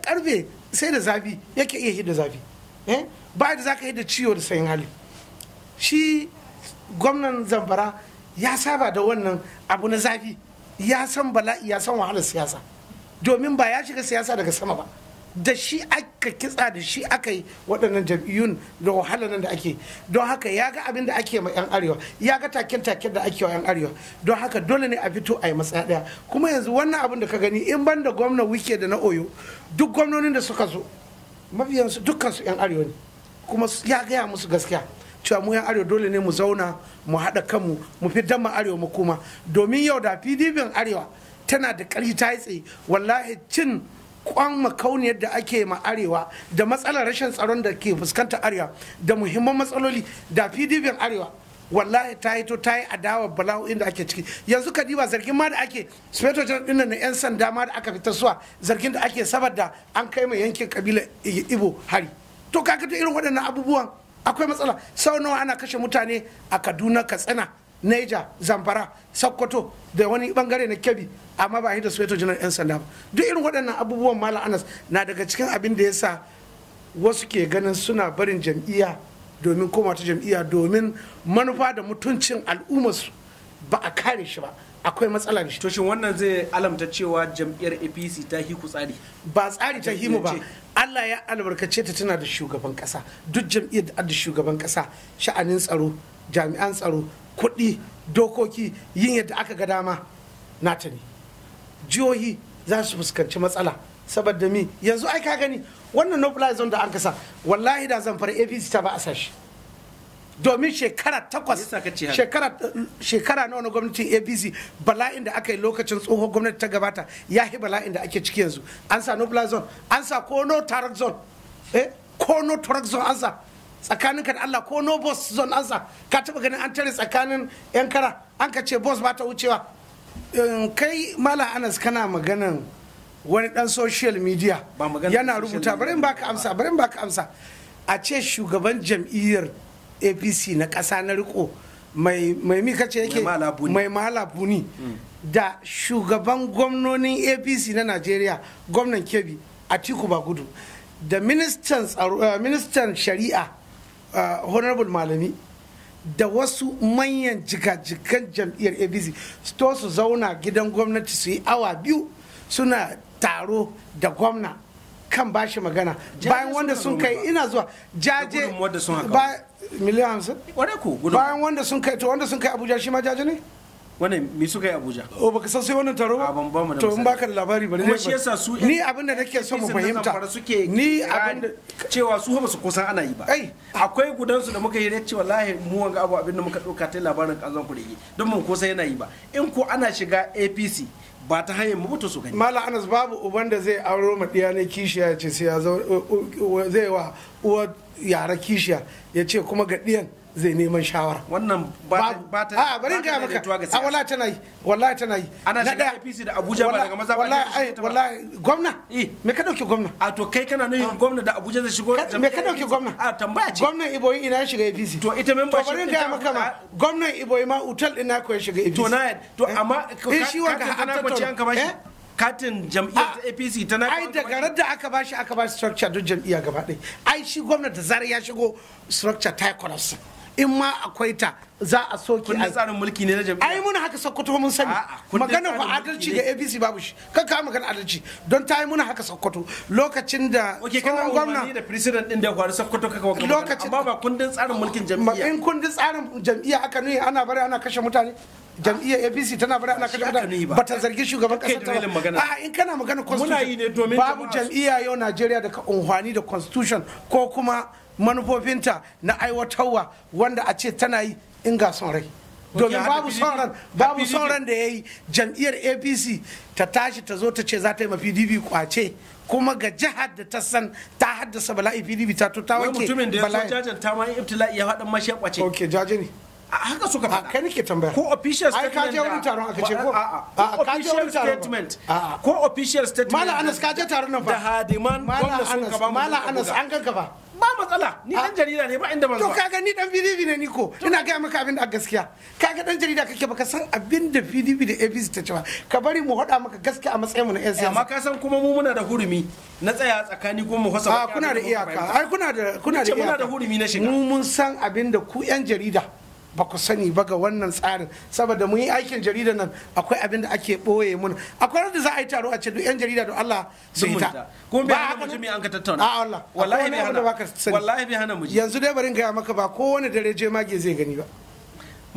karfe sai da zafi yake iya da zafi eh? ba da za ka da ciwo da sayin hali shi gwamnan zamfara ya saba da wannan abu na zafi ya san bala'i ya san wahalar siyasa domin ba ya shiga siyasa daga sama ba da shi aka kitsa da shi aka yi waɗannan jam'iyyun da wahalar nan da ake don haka ya ga abin da ake ma 'yan arewa ya ga taken taken da ake wa 'yan arewa don haka dole ne a fito a yi matsaya ɗaya kuma yanzu wannan abin da ka gani in ban da gwamna wike da na oyo duk gwamnonin da suka zo mafiyansu dukkansu 'yan arewa ne kuma ya gaya musu gaskiya cewa mu 'yan arewa dole ne mu zauna mu haɗa kanmu mu fi damma arewa mu kuma domin yau da pdp arewa tana da ƙarfi ta yi tsaye wallahi cin kwan makauniyar da ake ma arewa da matsalar rashin tsaron da ke fuskantar arewa da muhimman matsaloli da pdp arewa wallahi ta yi to ta yi adawa bala'o'in inda ake ciki yanzu kadiba zargin ma da ake speto ɗin na 'yan sanda ma da aka fita suwa zargin da ake sabar da an kai mai yankin kabila ibo hari to ta irin waɗannan abubuwan akwai matsala sau nawa ana kashe mutane a kaduna katsina Niger, Zamfara, Sokoto da wani bangare na Kebbi amma ba da Sufeto Janar 'yan sanda ba. Duk irin waɗannan abubuwan Malam Anas na daga cikin abin da ya sa wasu ke ganin suna barin jam'iyya domin koma ta jam'iyya domin manufa
da mutuncin al'ummarsu ba a kare shi ba. akwai matsala da shi. To wannan zai alamta cewa jam'iyyar APC ta hiku tsari? Ba tsari ta himu ba. Allah ya albarkace
ta tana da shugaban kasa. Duk jam'iyyar da da shugaban kasa sha'anin tsaro, jami'an tsaro, kuɗi dokoki yin yadda aka ga dama nata ne jihohi za su fuskanci matsala saboda mi yanzu ai ka gani wannan no fly zone da an kasa wallahi da zan fara apc ta ba a sashi domin shekara takwas shekara na wani gwamnatin apc bala'in da aka yi lokacin tsohon gwamnati ta gabata ya yi bala'in da ake ciki yanzu an sa no fly zone an sa ko no tarak zone eh ko no tarak zone an sa tsakanin ka da Allah ko no boss zone ansa ka taba ganin an tare tsakanin yan kara an ka ce boss ba ta wucewa kai mala anas kana maganan wani dan social media yana rubuta bari in baka amsa bari in baka amsa a ce shugaban jam'iyyar apc na ƙasa na riko mai mika ce yake mai buni hmm. da shugaban gwamnonin apc na najeriya gwamnan tiku atiku gudu. da ministan eh, shari'a honorable malami da wasu manyan jikajikan jam'iyyar abc to su zauna gidan gwamnati su yi awa biyu suna taro da gwamna kan bashi magana bayan wanda sun kai ina zuwa jaje miliyan hamsin bayan wanda sun kai to wanda sun kai abuja shi ma jaje ne wannan me suka yi abuja o oh, baka san sai wannan taro ba ban ba mu da to in
baka da labari bari kuma shi yasa su ni abin da nake so mu fahimta ni abin da cewa su ba su kusan ana yi ba ai akwai gudan su da muka yi ce wallahi mu wanga abu abin da muka dauka ta labarin kazan kurege don mun kusa yana yi ba in ko ana shiga APC ba ta hanyar mutu su gani mala anas babu uban da zai auro ma ɗiya ne kishiya ya ce sai ya zai
wa uwa yara kishiya ya ce kuma ga ɗiyan zai neman shawara wannan ba ta a bari ga maka a wala tana yi wallahi tana yi ana shiga APC da Abuja ba daga maza ba wallahi wallahi gwamna eh. me ka dauke gwamna a to kai kana nuna ah. gwamna da Abuja zai shigo me ka dauke gwamna a tambaya ce gwamna ina shiga APC to ita ga maka ma Iboyi ina ko APC to na to eh. amma eh, shi wanda an ka bashi katin jam'iyyar ah. ta apc ta na ai daga radda aka bashi aka bashi structure don jam'iyya gaba ɗaya ai shi gwamnati zar ya shigo structure ta yi in ma akwai ta za a soke ai tsarin mulki ne na jam'iyya ai muna haka sokoto mun sani magana ku adalci ga abc babu shi kan ka magana adalci don ta yi muna haka sokoto lokacin da tsohon gwamna da president din da kwari sokoto kaka wakil lokacin amma ba kundin tsarin mulkin jam'iyya in kundin tsarin jam'iyya aka nuni ana bari ana kashe mutane jam'iyyar apc tana bari ana kashe mutane ba ta zargi shugaban kasar ta a in kana magana constitution babu jam'iyya yau najeriya da ka unhwani da constitution ko kuma manufofinta na aiwatarwa wanda a ce tana yi in ga son rai domin babu son babu son da ya yi jam'iyyar apc ta tashi ta zo ta ce za ta yi ma pdp kwace kuma ga jihar da ta san ta haddasa bala'i pdp ta to ta wanke bala'i mutumin da ya so
jajen ta ma yi ibtila'i ya haɗa mashi kwace ok jaje ne haka suka faɗa kai nake tambaya ko official statement ai ka je wurin taron aka ce ko a ka je wurin statement ko official statement mala anas ka je taron nan fa da hadiman gwamnati sun gaba mala anas an
gaggaba ba matsala ni dan ah. jarida ne ba inda ban to kaga ni dan PDP ne niko ina ga maka abin da gaskiya kaga dan jarida kake baka san abin da PDP da APC ta ce ba ka bari mu hada maka gaskiya a matsayin mu na yan siyasa amma ka san kuma mu muna da hurumi na tsaya tsakani kuma mu hasa a ah, kuna da iyaka ai kuna da kuna da iyaka muna da hurumi na shiga mu mun san abin da ku yan jarida ba ku sani ba ga wannan tsarin saboda mun yi aikin jarida nan akwai abin da ake boye mun akwai wanda za a yi taro a ce duk yan jarida da Allah su yi ta kuma bai hana mutumi an ka tattauna a Allah wallahi bai hana wallahi bai hana yanzu
dai bari in gaya maka ba kowane dare je mage zai gani ba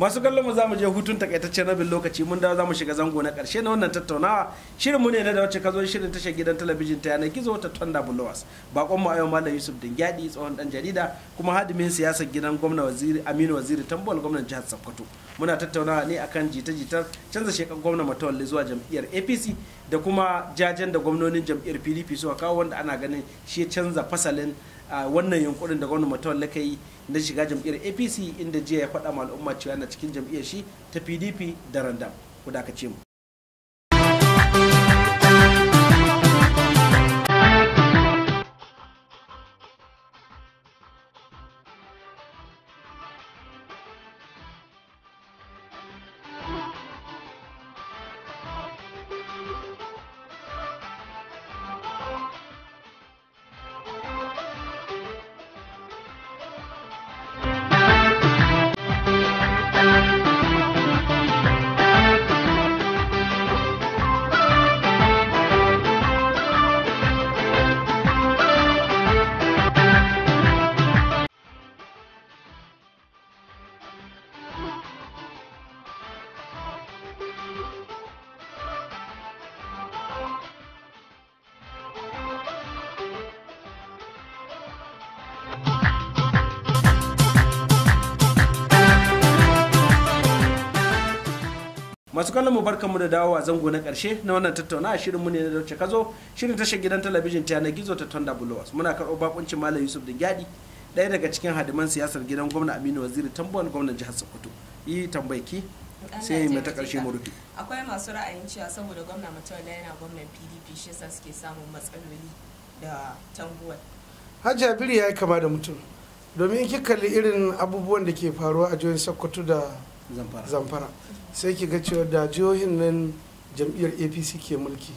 masu kallon mu za mu je hutun takaitaccen rabin lokaci mun dawo za mu shiga zango na karshe na wannan tattaunawa shirin mu ne na da wacce ka zo shirin tashar gidan talabijin ta yanar gizo ta tonda bulowas bakon mu a yau malam yusuf dingyadi tsohon dan jarida kuma hadimin siyasar gidan gwamna waziri aminu waziri tambol gwamnan jihar sokoto muna tattaunawa ne akan jita-jitar canza shekar gwamna matawalli zuwa jam'iyyar apc da kuma jajen da gwamnonin jam'iyyar pdp suka kawo wanda ana ganin shi canza fasalin a wannan yunkurin da gwamnan mutum ka yi na shiga jam'iyyar apc inda jiya ya faɗa ma al'umma cewa na cikin jam'iyyar shi ta pdp da randam ku da ka ce mu masu kallon mu da da dawowa zango na karshe na wannan tattauna a shirin mu ne na dauce kazo shirin tashar gidan talabijin ta yanar gizo ta Tonda Bulowas muna karɓo bakuncin Malam Yusuf Dingyadi ɗaya daga cikin hadiman siyasar gidan gwamna Aminu Waziri tambuwan gwamnan jihar Sokoto yi tambayki sai mai ta karshe mu rufe akwai masu ra'ayin cewa saboda gwamna Matola yana gwamnan PDP shi yasa suke samun matsaloli da tambuwan Hajji
Abiri ya yi kama da mutum domin in kalli irin abubuwan da ke faruwa a jihar Sokoto da Zamfara sai ki ga cewa da jihohin nan jam'iyyar apc ke mulki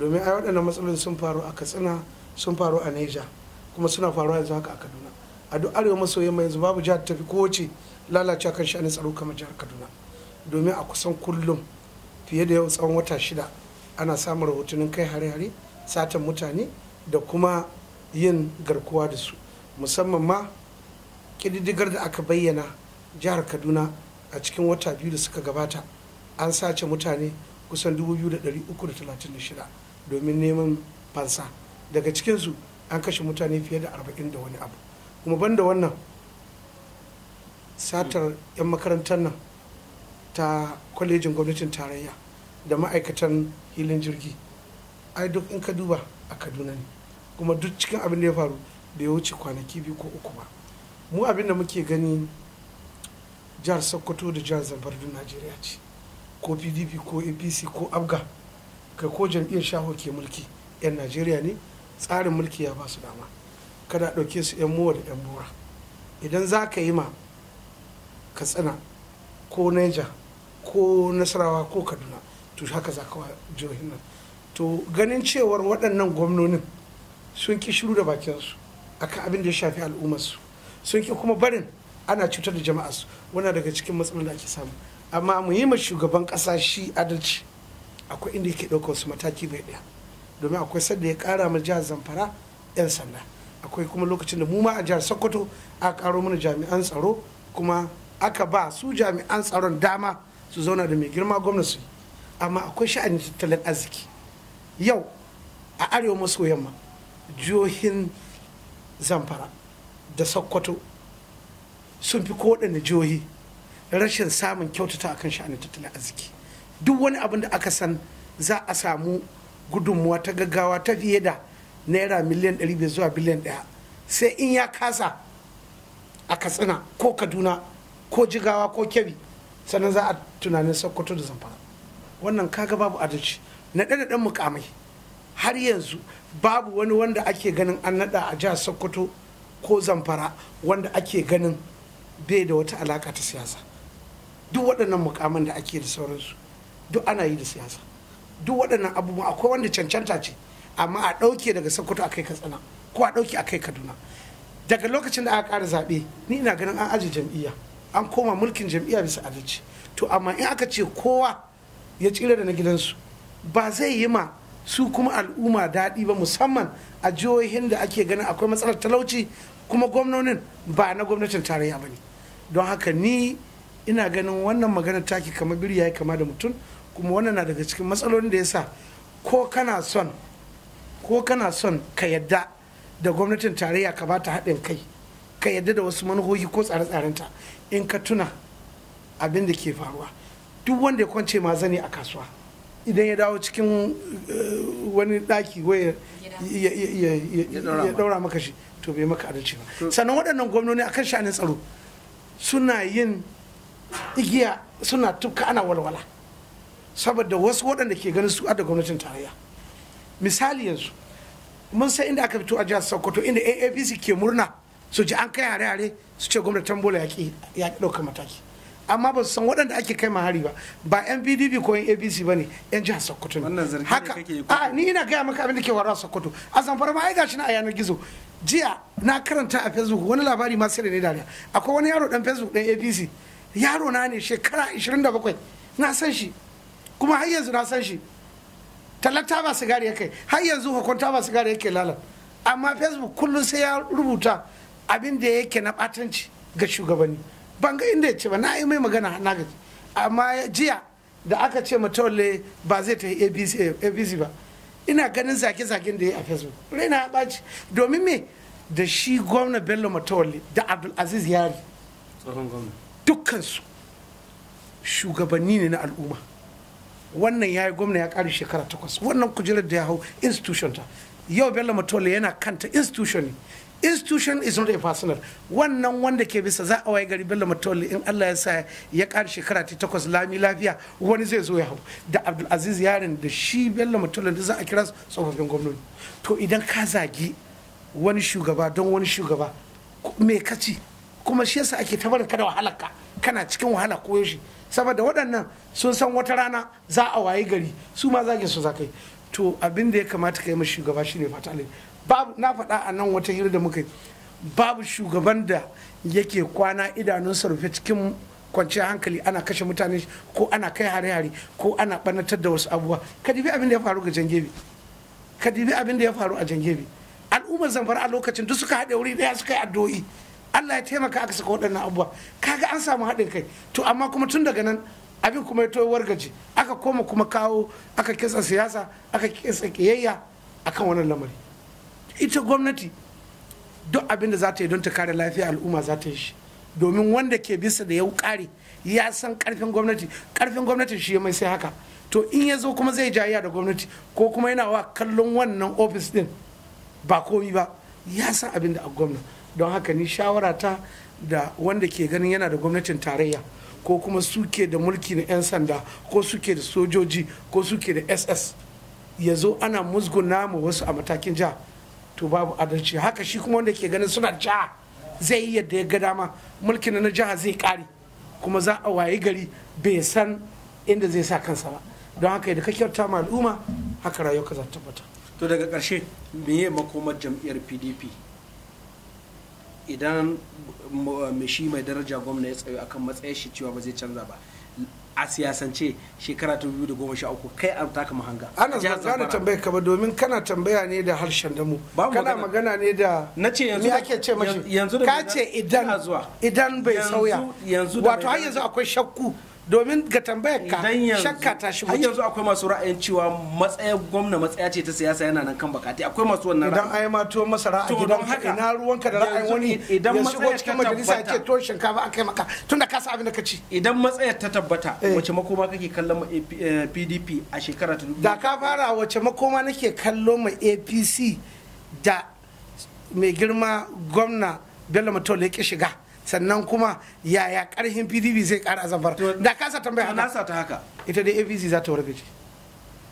domin ai waɗannan matsalolin sun faru a katsina sun faru a neja kuma suna faruwa yanzu haka a kaduna a duk arewa maso yamma yanzu babu jihar tafi kowace lalace kan sha'anin tsaro kamar jihar kaduna domin a kusan kullum fiye da yau tsawon wata shida ana samun rahotannin kai hare-hare satan mutane da kuma yin garkuwa da su musamman ma ƙididdigar da aka bayyana jihar kaduna a cikin wata biyu da suka gabata an sace mutane kusan 2,336 domin neman fansa daga cikinsu an kashe mutane fiye da 40 da wani abu kuma banda wannan satar 'yan makarantar nan ta kwalejin gwamnatin tarayya da ma'aikatan hilin jirgi ai duk in ka duba a kaduna ne kuma duk cikin abin da ya faru da ya wuce kwanaki biyu ko uku ba mu abin da muke gani jihar sokoto da jihar zamfara najeriya ce ko pdp ko apc ko abga kai ko jam'iyyar shaho ke mulki 'yan najeriya ne tsarin mulki ya ba su dama kada ɗauke su 'yan mowa da 'yan bora idan za ka yi ma katsina ko niger ko nasarawa ko kaduna to haka za ka jihohin nan to ganin cewar waɗannan gwamnonin sun ki shiru da bakinsu akan abin da ya shafi al'ummarsu sun ki kuma barin ana cutar da jama'a su wannan daga cikin matsalolin da ake samu amma mu yi ma shugaban kasa shi adalci akwai inda yake ɗauka wasu mataki bai ɗaya domin akwai sadda ya ƙara ma jihar zamfara 'yan sanda akwai kuma lokacin da mu ma a jihar sokoto a karo mana jami'an tsaro kuma aka ba su jami'an tsaron dama su zauna da mai girma gwamna gwamnati amma akwai sha'anin tattalin arziki yau a arewa maso yamma jihohin zamfara da sokoto sun fi kowaɗanne jihohi rashin samun kyautata akan sha'anin tattalin arziki duk wani abin da aka san za a samu gudunmuwa ta gaggawa ta fiye da naira miliyan 500 zuwa biliyan 1 sai in ya kasa a katsina ko kaduna ko jigawa ko kyabi sannan za a tunanin sokoto da zamfara wannan kaga babu adalci na da ɗan mukamai har yanzu babu wani wanda ake ganin an naɗa a jihar sokoto ko zamfara wanda ake ganin bai da wata alaka ta siyasa duk waɗannan mukaman da ake da sauransu duk ana yi da siyasa duk waɗannan abubuwa akwai wanda cancanta ce amma a ɗauke daga sokoto a kai katsina ko a ɗauke a kai kaduna daga lokacin da aka ƙara zaɓe ni ina ganin an aje jam'iyya an koma mulkin jam'iyya bisa adalci to amma in aka ce kowa ya tsira da na gidansu ba zai yi ma su kuma al'umma daɗi ba musamman a jihohin da ake ganin akwai matsalar talauci kuma gwamnonin ba na gwamnatin tarayya ba ne don haka ni ina ganin wannan magana taki kamar biri ya kama da mutum kuma wannan na daga cikin matsalolin da ya sa ko kana son ka yadda da gwamnatin tarayya ka ba ta haɗin kai ka yadda da wasu manuhohi ko tsare-tsarenta in ka tuna abin da ke faruwa duk wanda ya kwance ma zane a kasuwa idan ya dawo cikin eh, wani ɗaki ya ɗaura maka shi to bai maka adalci ba sannan waɗannan gwamnoni akan sha'anin tsaro suna yin igiya suna tufka ana walwala saboda wasu waɗanda ke ganin su da gwamnatin tarayya misali yanzu mun san inda aka fito a jihar sokoto inda aapc ke murna su ji an kai hare-hare su ce gwamnatin bola ya ki ɗaukar mataki amma ba su san waɗanda ake kai hari ba ba yan pdp ko yan apc ba ne yan jihar sokoto ne haka a ni ina gaya maka abin da ke wara sokoto a zamfara ma ai gashi na a yanar gizo jiya na karanta a facebook wani labari masu da ne dariya akwai wani yaro dan facebook dan apc yaro na ne shekara 27 na san shi kuma har yanzu na san shi talata ba sigari yake har yanzu hukunta ba sigari yake lala amma facebook kullum sai ya rubuta abin da yake na batanci ga shugabanni ban ga inda ya ce ba na yi mai magana na gaji amma jiya da aka ce matawalle ba zai ta yi abc ba ina ganin zage-zagen da ya yi a facebook raina ya ɓaci domin me da shi gwamna bello matawalli da abdulaziz yari dukkansu shugabanni ne na al'umma wannan ya yi gwamna ya ƙari shekara takwas wannan kujerar da ya hau institution ta yau bello matawalli yana kanta institution ne institution is not a personal wannan wanda ke bisa za a waye gari bello matoli in allah ya sa ya ƙara shekara ta takwas lami lafiya wani zai zo ya hau da abdulaziz yarin da shi bello matoli da za a kira tsofaffin gwamnoni to idan ka zagi wani shugaba don wani shugaba me ka ci kuma shi yasa ake barin kada da ka kana cikin wahala ko yaushe saboda waɗannan sun san wata rana za a waye gari su ma zagin su za kai to abin da ya kamata ka yi mashi shugaba shine fatalin babu na faɗa a nan wata hira da muka yi babu shugaban da yake kwana idanunsa rufe cikin kwanciyar hankali ana kashe mutane ko ana kai hare-hare ko ana ɓannatar da wasu abubuwa ka dibi abin da ya faru ga jangebe ka dibi abin da ya faru a jangebe al'ummar zamfara a lokacin duk suka haɗe wuri ɗaya suka yi addu'o'i Allah ya taimaka aka saka waɗannan abubuwa kaga an samu haɗin kai to amma kuma tun daga nan abin kuma ya toyi wargaji, aka koma kuma kawo aka kitsa siyasa aka kitsa kiyayya akan wannan lamari ita gwamnati duk abin da za ta yi don ta kare lafiya al'umma za ta yi shi domin wanda ke bisa da yau kare ya san karfin gwamnati karfin gwamnati shi mai sai haka to in ya zo kuma zai jayya da gwamnati ko kuma yana wa kallon wannan ofis din ba komi ba ya san abin da a gwamna don haka ni shawara ta da wanda ke ganin yana da gwamnatin tarayya ko kuma suke da mulki na 'yan sanda ko suke da sojoji ko suke da ss ya zo ana musguna ma wasu a matakin jiha to babu adalci haka shi kuma wanda ke ganin suna jiha zai yi yadda ya ga dama mulkin na jiha zai kare kuma za a wayi gari bai san inda zai sa kansa ba don haka yadda ka kyauta ma al'umma haka rayuwa za ta tabbata
to daga karshe meye makomar jam'iyyar pdp idan shi mai daraja gwamna ya tsayo akan matsayin shi cewa ba zai canza ba a siyasance shekara ta biyu da goma sha uku kai an taka mahanga ana magana tambaya
ka ba domin kana tambaya ne da harshen damu kana magana
ne da na ce yanzu da ake ce mashi yanzu da ka ce idan idan bai sauya wato har yanzu akwai shakku domin ga tambayar ka shakka ta shi har yanzu akwai masu ra'ayin cewa matsayin gwamna matsaya ce ta siyasa yana nan kan bakati akwai masu wannan idan ai ma to masa ra'ayi gidan haka ina ka da ra'ayin wani idan matsayar ta cikin majalisa yake to shinkafa an kai maka tunda ka sa abin da ka ci idan matsayar ta tabbata eh. wace makoma kake kallon ma PDP eh, a shekara ta da ka fara wace
makoma nake kallon ma APC da mai girma gwamna Bello Mutole ya ki shiga sannan kuma yaya karhin pdp zai kara zafar da kasa tambaya haka nasa ta haka ita dai apc za ta wargaje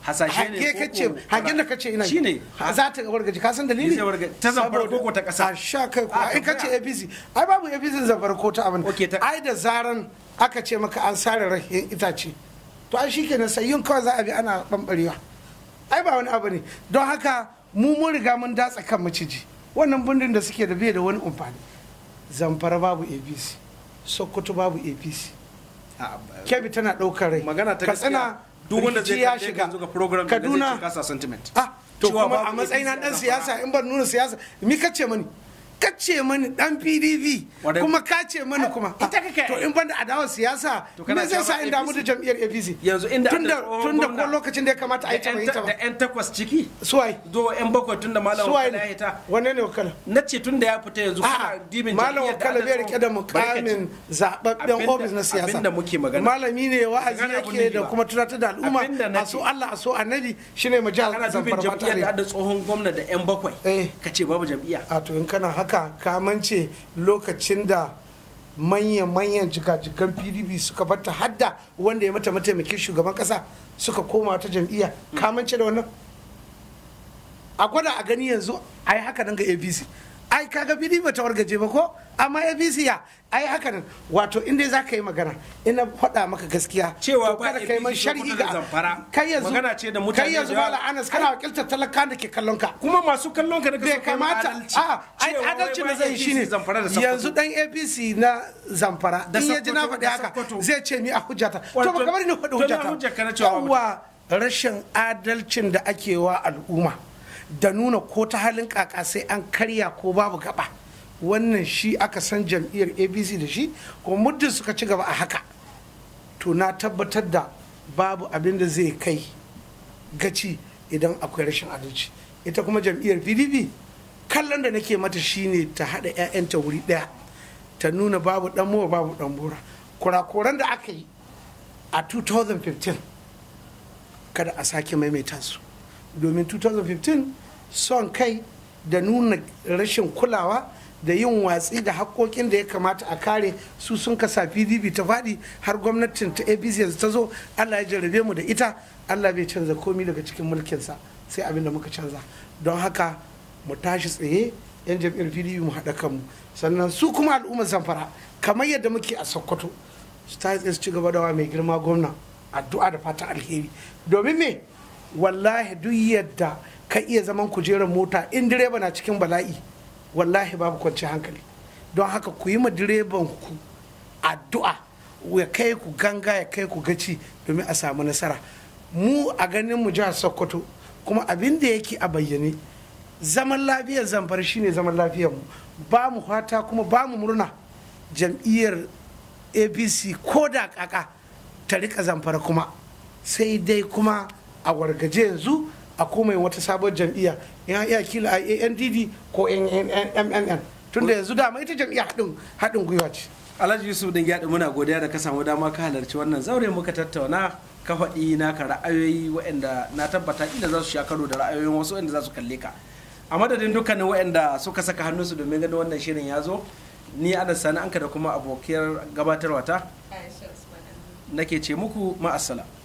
hasashe ne kace hakin da kace ina shine za ta wargaje ka san dalili ta zafar koko ta kasa sha kai ko in kace apc ai babu apc zafar ko ta abin ai da zaran aka ce maka an sare rahin itace to ai shikenan sayin kawai za a bi ana bambarewa ai ba wani abu ne don haka mu mun riga mun datsa kan maciji wannan bindin da suke da bai da wani umfani zamfara babu apc sokoto babu apc kebi tana ɗaukar rai magana ta katsina duk wanda zai ya shiga kaduna ah to kuma a matsayin na dan siyasa in ban nuna siyasa mi kace mani kace mani dan pdv kuma ka ce mani kuma to in banda adawar siyasa ne zai sa in damu da
jam'iyyar apc yanzu inda tunda tunda ko lokacin da ya kamata a yi ta da yan takwas ciki suwai do yan bakwai tunda malam wakala ya hita wanne ne wakala nace tunda ya fita yanzu kuma dibin malam wakala bai rike da mukamin zababben office na siyasa abinda muke magana
malami ne wa'azi yake da kuma tunatar da al'umma a so Allah a so annabi shine majalisar zamfara mata da tsohon gwamna da yan bakwai eh. kace babu jam'iyya a to in kana haka haka kamance lokacin da manyan-manyan jika-jikan pdp suka bata hadda wanda ya mata mataimakin shugaban kasa suka koma ta jam'iyya kamance da wannan a gwada a gani yanzu a yi haka nan ga apc ai kaga bidi ba ta wargaje ba ko amma apc ya ai haka nan wato in dai za ka yi magana ina faɗa maka gaskiya cewa ba kada kai man sharhi ga kai yanzu magana ce da mutane kai yanzu mala anas kana wakiltar talakan da ke kallon ka kuma masu kallon ka da bai kamata ah, a ai adalci da zai shine yanzu dan apc na zamfara in ya ji na faɗi haka zai ce ni a hujjata to ba kamar ni faɗi hujjata rashin adalcin da ake wa al'umma da nuna ko ta halin kaka sai an karya ko babu gaba wannan shi aka san jam'iyyar A.B.C da shi Ko muddin suka ci gaba a haka to na tabbatar da babu abin da zai kai gaci idan akwai rashin adalci ita kuma jam'iyyar pdp kallon da nake mata shine ta haɗa 'ya'yanta wuri ɗaya ta nuna babu ɗan mowa babu ɗan bura kurakuran da aka yi a 2015 kada a sake maimaita su domin 2015 son kai da nuna rashin kulawa da yin watsi da hakkokin da ya kamata a kare su sun kasa pdp ta faɗi har gwamnatin ta apc yanzu ta zo allah ya jarabe mu da ita allah bai canza komi daga cikin mulkinsa sai abin da muka canza don haka mu tashi tsaye yan jam'iyyar pdp mu haɗa kanmu sannan su kuma al'ummar zamfara kamar yadda muke a sokoto su ta tsaye su ci gaba da wa mai girma gwamna addu'a da fatan alheri domin me wallahi duk yadda ka iya zaman kujerar mota in direba na cikin bala'i wallahi babu kwanci hankali don haka ku yi ma direban ku addu'a ya kai ku ganga ya kai ku gaci domin a samu nasara mu a ganin mu jihar sokoto kuma abin da yake a bayyane zaman lafiyar zamfar shine zaman lafiyar mu ba mu fata kuma ba mu murna jam'iyyar apc ko da kaka ta rika zamfara kuma sai dai kuma a wargaje yanzu a komai wata sabon jam'iyya ya iya kila a andd ko mnn tun da
yanzu dama ita jam'iyya haɗin gwiwa ce alhaji yusuf din gyaɗi muna godiya da ka samu dama ka halarci wannan zaure muka tattauna ka faɗi naka ra'ayoyi waɗanda na tabbata inda za su sha karo da ra'ayoyin wasu waɗanda za su kalle ka a madadin dukkanin waɗanda suka saka hannunsu domin ganin wannan shirin ya zo ni ana sana'anka da kuma abokiyar gabatarwa ta nake ce muku ma'asala